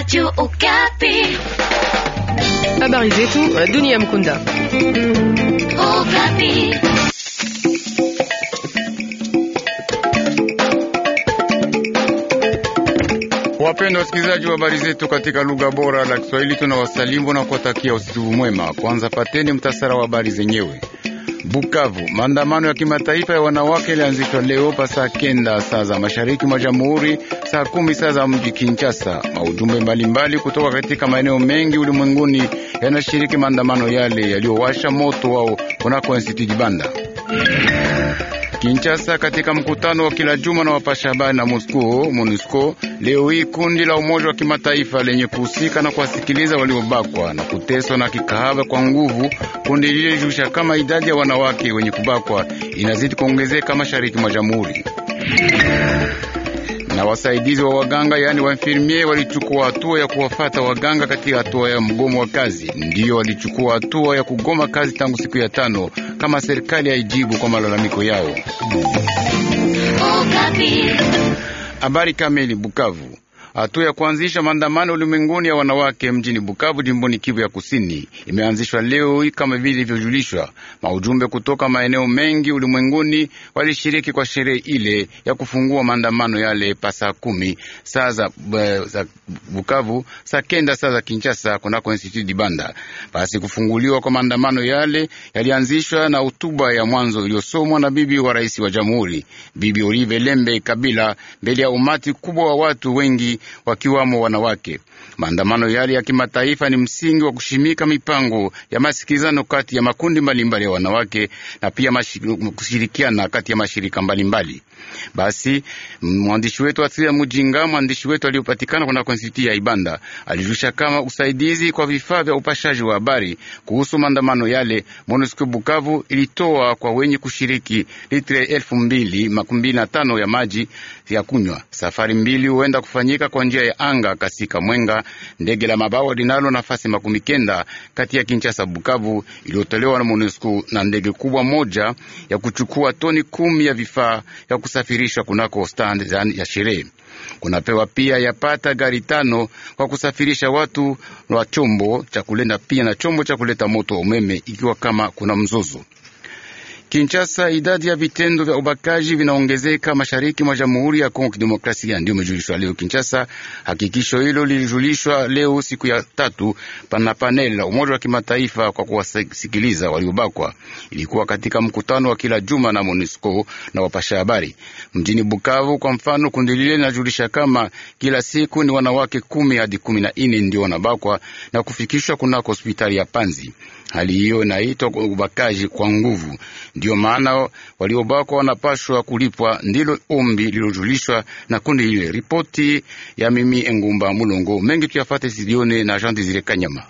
Radio Okapi. Habari zetu uh, dunia mkunda. Okapi. Wapenda wasikilizaji wa habari zetu katika lugha bora la Kiswahili, tunawasalimu na kuwatakia usiku mwema. Kwanza pateni mtasara wa habari zenyewe. Bukavu, maandamano ya kimataifa ya wanawake yalianzishwa leo pa saa kenda saa za mashariki mwa jamhuri, saa kumi saa za mji Kinshasa. Maujumbe mbalimbali kutoka katika maeneo mengi ulimwenguni yanashiriki maandamano yale yaliyowasha moto wao kunako Institut yeah. Kinshasa katika mkutano wa kila juma na wapasha habari na Moscow MONUSCO. Leo hii kundi la Umoja wa Kimataifa lenye kuhusika na kuwasikiliza waliobakwa na kuteswa na kikahaba kwa nguvu, kundi lilijulisha kama idadi ya wanawake wenye kubakwa inazidi kuongezeka mashariki mwa jamhuri na wasaidizi wa waganga yaani wainfirmier walichukua hatua ya kuwafata waganga katika hatua ya mgomo wa kazi. Ndiyo, walichukua hatua ya kugoma kazi tangu siku ya tano kama serikali haijibu kwa malalamiko yao. Habari kamili Bukavu. Hatua ya kuanzisha maandamano ulimwenguni ya wanawake mjini Bukavu, jimboni Kivu ya Kusini, imeanzishwa leo kama vile ilivyojulishwa. Maujumbe kutoka maeneo mengi ulimwenguni walishiriki kwa sherehe ile ya kufungua maandamano yale pa saa kumi saa eh, za Bukavu, saa kenda saa za Kinshasa kunako Institut Dibanda. Basi kufunguliwa kwa maandamano yale yalianzishwa na hotuba ya mwanzo iliyosomwa na bibi wa rais wa jamhuri, Bibi Olive Lembe Kabila mbele ya umati kubwa wa watu wengi wakiwamo wanawake. Maandamano yale ya kimataifa ni msingi wa kushimika mipango ya masikilizano kati ya makundi mbalimbali ya wanawake na pia kushirikiana kati ya mashirika mbalimbali. Basi mwandishi wetu Asiria Mujinga, mwandishi wetu aliyopatikana kuna konsiti ya Ibanda, alijusha kama usaidizi kwa vifaa vya upashaji wa habari kuhusu maandamano yale MONUSCO Bukavu ilitoa kwa wenye kushiriki litre elfu mbili makumi mbili na tano ya maji ya kunywa. Safari mbili huenda kufanyika kwa njia ya anga kasika mwenga ndege la mabawa linalo nafasi makumi kenda kati ya Kinshasa Bukavu iliyotolewa na MONUSCO na ndege kubwa moja ya kuchukua toni kumi ya vifaa ya kusafirisha kunako stand ya sherehe. Kunapewa pia yapata gari tano kwa kusafirisha watu na chombo cha kulenda pia na chombo cha kuleta moto wa umeme ikiwa kama kuna mzozo. Kinshasa, idadi ya vitendo vya ubakaji vinaongezeka mashariki mwa Jamhuri ya Kongo Kidemokrasia, ndio imejulishwa leo Kinshasa. Hakikisho hilo lilijulishwa leo siku ya tatu pana panel la Umoja wa Kimataifa kwa kuwasikiliza waliobakwa. Ilikuwa katika mkutano wa kila juma na MONUSCO na wapasha habari mjini Bukavu. Kwa mfano, kundi lile linajulisha kama kila siku ni wanawake kumi hadi kumi na nne ndio wanabakwa na kufikishwa kunako hospitali ya Panzi. Hali hiyo inaitwa ubakaji kwa nguvu. Ndiyo maana waliobakwa wanapashwa kulipwa, ndilo ombi lilojulishwa na kundi lile. Ripoti ya mimi Engumba Mulongo, mengi tuyafate sidione na Jean Desire Kanyama.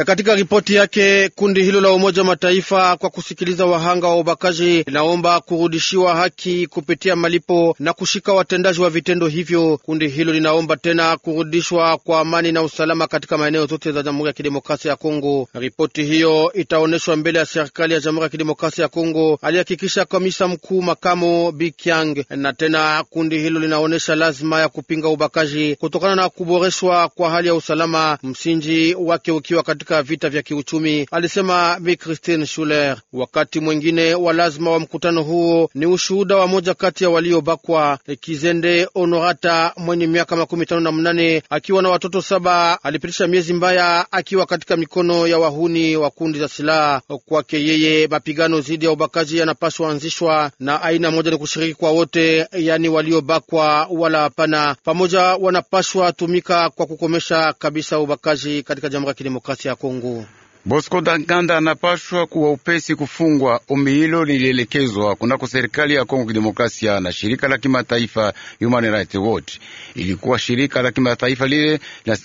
Eh, katika ripoti yake, kundi hilo la Umoja wa Mataifa kwa kusikiliza wahanga wa ubakaji linaomba kurudishiwa haki kupitia malipo na kushika watendaji wa vitendo hivyo. Kundi hilo linaomba tena kurudishwa kwa amani na usalama katika maeneo zote za Jamhuri ya Kidemokrasia ya Kongo. Ripoti hiyo itaonyeshwa mbele ya serikali ya Jamhuri ya Kidemokrasia ya Kongo, alihakikisha kamisa mkuu makamo Bikyang. Na tena kundi hilo linaonyesha lazima ya kupinga ubakaji kutokana na kuboreshwa kwa hali ya usalama, msingi wake ukiwa katika katika vita vya kiuchumi, alisema Bi Christine Schuler. Wakati mwengine wa lazima wa mkutano huo ni ushuhuda wa moja kati ya waliobakwa, Kizende Onorata mwenye miaka makumi tano na mnane akiwa na watoto saba alipitisha miezi mbaya akiwa katika mikono ya wahuni wa kundi za silaha. Kwake yeye, mapigano dhidi ya ubakaji yanapaswa anzishwa na aina moja ni kushiriki kwa wote, yani waliobakwa wala hapana, pamoja wanapaswa tumika kwa kukomesha kabisa ubakaji katika Jamhuri ya Kidemokrasia cha Kongo. Bosco Danganda anapashwa kuwa upesi kufungwa. Ombi hilo lilielekezwa kunako serikali ya Kongo Kidemokrasia na shirika la kimataifa Human Rights Watch. Ilikuwa shirika la kimataifa lile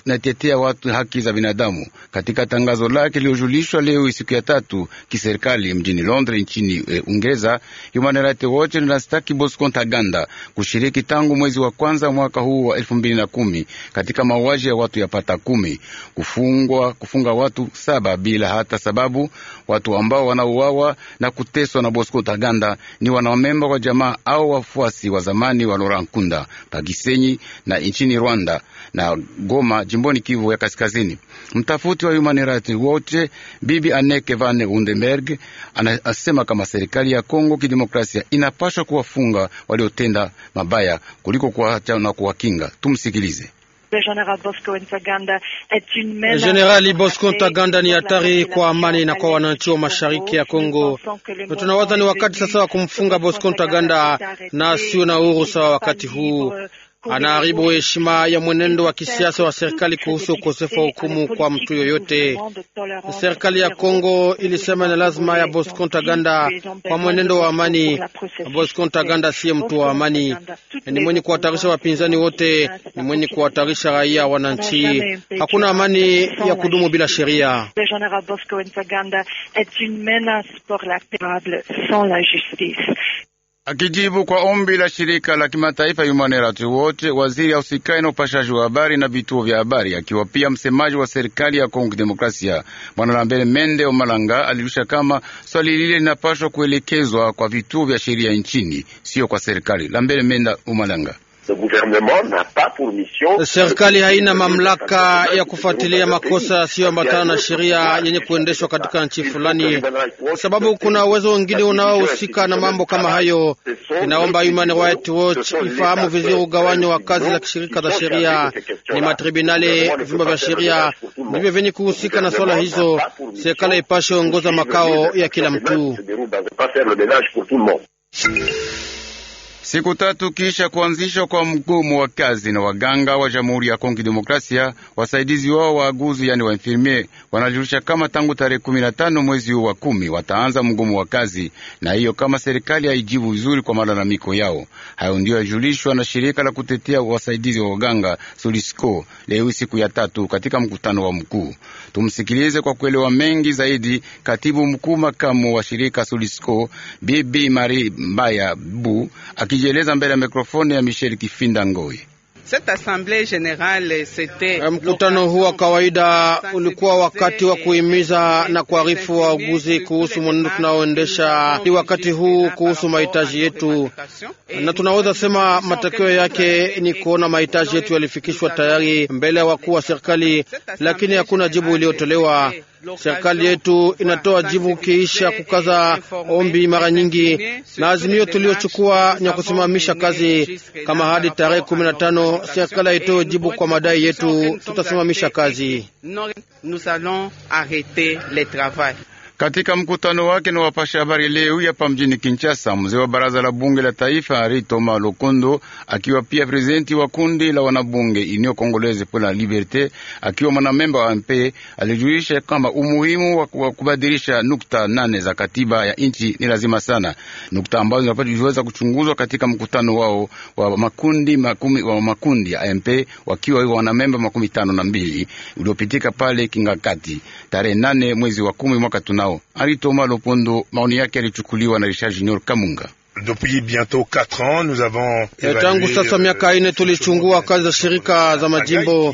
linatetea watu haki za binadamu. Katika tangazo lake liliojulishwa leo siku ya tatu kiserikali mjini Londres nchini e, Uingereza, Human Rights Watch linastaki Bosco Ntaganda kushiriki tangu mwezi wa kwanza mwaka huu wa elfu kumi katika mauaji ya watu yapata kumi, kufungwa kufunga watu saba ila hata sababu. Watu ambao wanauawa na kuteswa na Bosco Taganda ni wanamemba wa jamaa au wafuasi wa zamani wa Laurent Nkunda Pagisenyi na nchini Rwanda na Goma, jimboni Kivu ya Kaskazini. Mtafuti wa Human Rights Watch Bibi aneke van Undenberg anasema kama serikali ya Kongo Kidemokrasia inapashwa kuwafunga waliotenda mabaya kuliko kuwacha na kuwakinga. Tumsikilize. General Bosco Ntaganda Bosco Ntaganda ni hatari kwa amani na kwa wananchi wa mashariki ya Kongo. Tunawaza ni wakati sasa wa kumfunga Bosco Ntaganda na sio na uhuru sawa wakati huu anaharibu heshima ya mwenendo wa kisiasa wa serikali kuhusu ukosefu wa hukumu kwa mtu yoyote. Serikali ya Kongo ilisema ni lazima ya Bosco Ntaganda kwa mwenendo wa amani. Bosco Ntaganda siye mtu wa amani, ni mwenye kuhatarisha wapinzani wote, ni mwenye kuhatarisha raia, wananchi. Hakuna amani ya kudumu bila sheria. Akijibu kwa ombi la shirika la kimataifa Human Rights Watch, waziri ausikai na upashaji wa habari na vituo vya habari, akiwa pia msemaji wa serikali ya Kongo Demokrasia, Bwana Lambert Mende Omalanga alirusha kama swali lile linapaswa kuelekezwa kwa vituo vya sheria nchini, sio kwa serikali. Lambert Mende Omalanga Serikali haina mamlaka ya kufuatilia makosa yasiyoambatana na sheria yenye kuendeshwa katika nchi fulani, sababu kuna uwezo wengine unaohusika na mambo kama hayo. Inaomba Human Rights Watch ifahamu vizuri ugawanyo wa kazi za kishirika za sheria. Ni matribunali vyumba vya sheria ndivyo vyenye kuhusika na swala hizo. Serikali ipashe ongoza makao ya kila mtu. Siku tatu kisha kuanzishwa kwa mgomo wa kazi na waganga wa Jamhuri ya Kongo Demokrasia, wasaidizi wao waaguzi, yani wainfirmie, wanajulisha kama tangu tarehe kumi na tano mwezi huu wa kumi wataanza mgomo wa kazi, na hiyo kama serikali haijibu vizuri kwa malalamiko yao. Hayo ndiyo yajulishwa na shirika la kutetea wasaidizi wa waganga Sulisco leo siku ya tatu katika mkutano wa mkuu. Tumsikilize kwa kuelewa mengi zaidi katibu mkuu makamu wa shirika Sulisco, Bibi Mari Mbaya Bu alijieleza mbele ya mikrofoni ya Michel Kifinda Ngoi. Eh, mkutano huu wa kawaida ulikuwa wakati wa kuhimiza na kuarifu wauguzi kuhusu mwenendo tunaoendesha ni wakati huu kuhusu mahitaji yetu, na tunaweza sema matokeo yake ni kuona mahitaji yetu yalifikishwa tayari mbele ya wakuu wa serikali, lakini hakuna jibu iliyotolewa. Serikali yetu inatoa jibu kiisha kukaza ombi mara nyingi na azimio tuliochukua ni ya kusimamisha kazi. Kama hadi tarehe kumi na tano serikali haitoe jibu kwa madai yetu, tutasimamisha kazi. Katika mkutano wake na wapasha habari leo hapa mjini Kinshasa, mzee wa baraza la bunge la taifa Ritoma Lokondo, akiwa pia prezidenti wa kundi la wanabunge Union Congolaise pour la Liberte, akiwa mwanamemba wa MP, alijulisha kama umuhimu wa kubadilisha nukta nane za katiba ya nchi ni lazima sana, nukta ambazo zinapaswa kuchunguzwa katika mkutano wao wa makundi, makumi, wa makundi ya MP wakiwa wanamemba makumi tano na mbili uliopitika pale Kingakati tarehe nane mwezi wa kumi mwaka tuna nao. Alitoma Lopondo, maoni yake yalichukuliwa na Richard Junior Kamunga. Eh, tangu sasa miaka euh, ine tulichungua kazi za shirika za majimbo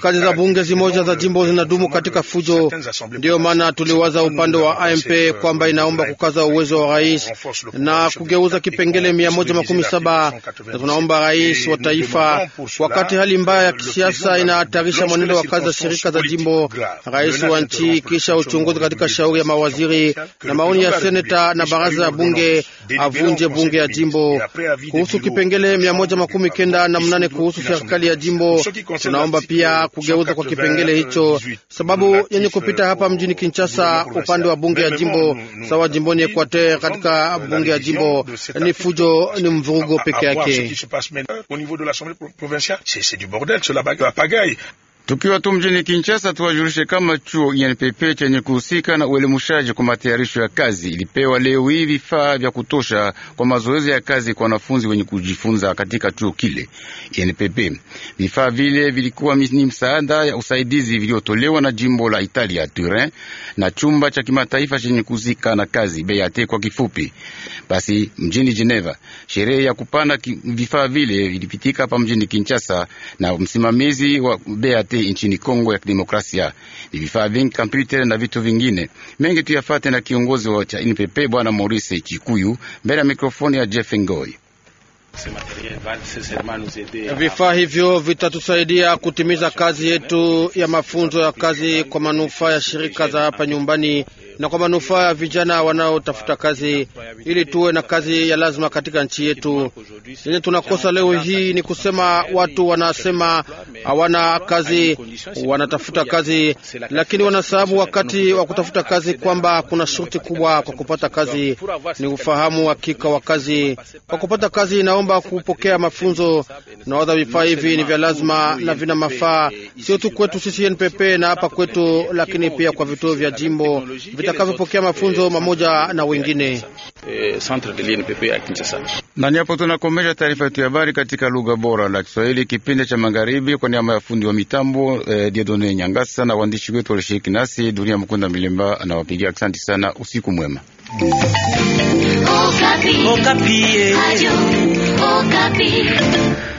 kazi za bunge zimoja za jimbo zinadumu katika fujo. Ndiyo maana tuliwaza upande wa AMP kwamba inaomba kukaza uwezo wa rais na kugeuza kipengele mia moja makumi saba na tunaomba rais wa taifa, wakati hali mbaya ya kisiasa inahatarisha mwenendo wa kazi za shirika za jimbo, rais wa nchi kisha uchunguzi katika shauri ya mawaziri na maoni ya seneta na baraza ya bunge, avunje bunge ya jimbo kuhusu kipengele mia moja makumi kenda na mnane kuhusu serikali ya jimbo. Tunaomba pia ya kugeuza kwa kipengele hicho, sababu yenye kupita hapa mjini Kinshasa upande wa bunge ya jimbo sawa jimboni Equateur, katika bunge ya jimbo ni fujo, ni mvurugo peke yake. Tukiwa tu mjini Kinshasa, tuwajulishe kama chuo INPP chenye kuhusika na uelimushaji kwa matayarisho ya kazi ilipewa leo hii vifaa vya kutosha kwa mazoezi ya kazi kwa wanafunzi wenye kujifunza katika chuo kile INPP. Vifaa vile vilikuwa ni msaada ya usaidizi viliyotolewa na jimbo la Italia Turin na chumba cha kimataifa chenye kuhusika na kazi BAT kwa kifupi. Basi mjini Geneva, sherehe ya kupanda vifaa vile ilipitika hapa mjini Kinshasa na msimamizi wa BAT ICT nchini Kongo ya Kidemokrasia, ni vifaa vingi, kompyuta na vitu vingine mengi. Tuyafate na kiongozi wa cha NPP Bwana Maurice Chikuyu mbele ya mikrofoni ya Jeff Ngoi. Vifaa hivyo vitatusaidia kutimiza kazi yetu ya mafunzo ya kazi kwa manufaa ya shirika za hapa nyumbani na kwa manufaa ya vijana wanaotafuta kazi, ili tuwe na kazi ya lazima katika nchi yetu. Yenye tunakosa leo hii ni kusema watu wanasema hawana kazi, wanatafuta kazi, lakini wanasababu wakati wa kutafuta kazi kwamba kuna shurti kubwa kwa kupata kazi, ni ufahamu hakika wa kazi. Kwa kupata kazi, inaomba kupokea mafunzo na wadha. Vifaa hivi ni vya lazima na vina mafaa sio tu kwetu sisi NPP na hapa kwetu, lakini pia kwa vituo vya jimbo vitakavyopokea mafunzo eh, mamoja na wengine. Eh, na hapo tunakomesha taarifa yetu ya habari katika lugha bora la Kiswahili, kipindi cha magharibi, kwa niaba ya fundi wa mitambo eh, Diedone Nyangasa na waandishi wetu walishiriki nasi. Dunia Mkunda Milemba anawapigia asante sana, usiku mwema. Okapi. Okapi. Eh.